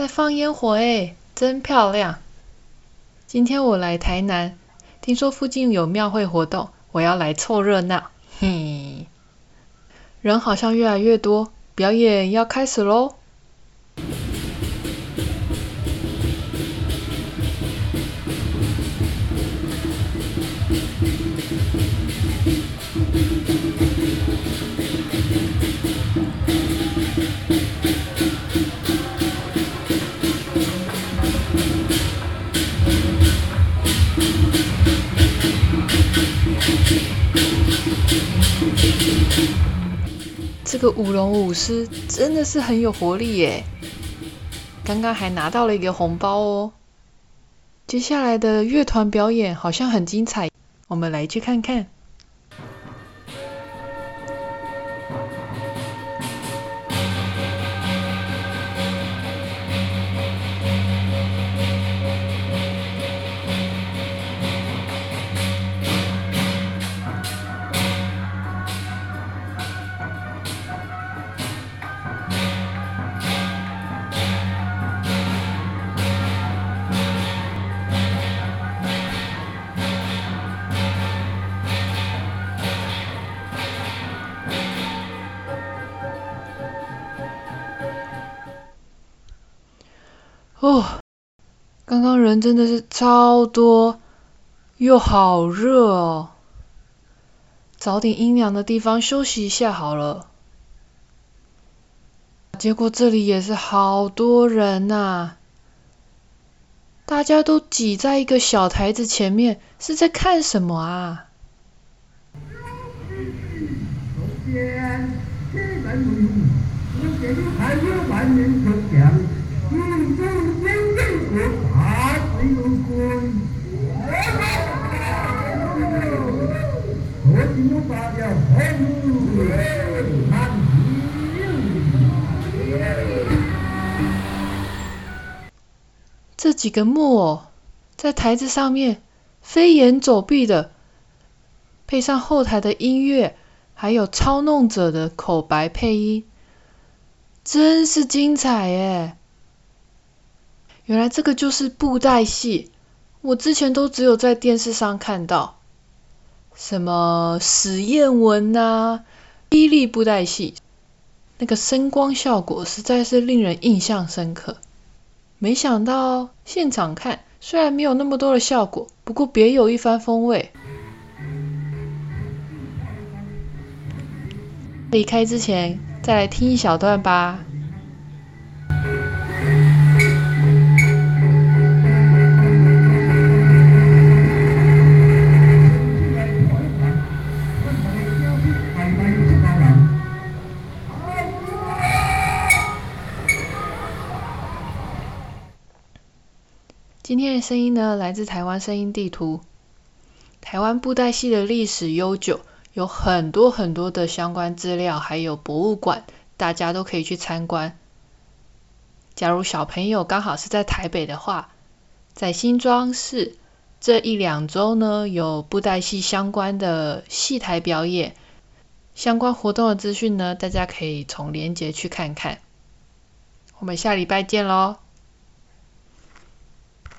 在放煙火誒，真漂亮！今天我來台南，聽說附近有廟會活動，我要來湊熱鬧。嘿，人好像越來越多，表演要開始咯！這個舞龍舞獅真的是很有活力耶！剛剛還拿到了一個紅包哦。接下來的樂團表演好像很精彩，我們來去看看。哦，剛剛人真的是超多，又好熱哦，找點陰涼的地方休息一下好了。結果這裡也是好多人吶，大家都擠在一個小台子前面，是在看什麼啊？這幾個木偶在台子上面飛檐走壁的，配上後台的音樂，還有操弄者的口白配音，真是精彩耶！原來這個就是布袋戲，我之前都只有在電視上看到，什麼史艷文吶、啊、霹靂布袋戲，那個聲光效果實在是令人印象深刻。沒想到現場看，雖然沒有那麼多的效果，不過別有一番風味。離開之前，再來聽一小段吧。今天的聲音呢，來自台灣聲音地圖。台灣布袋戲的歷史悠久，有很多很多的相關資料，還有博物館，大家都可以去參觀。假如小朋友剛好是在台北的話，在新莊市這一兩周呢，有布袋戲相關的戲台表演，相關活動的資訊呢，大家可以從連結去看看。我們下禮拜見嘍！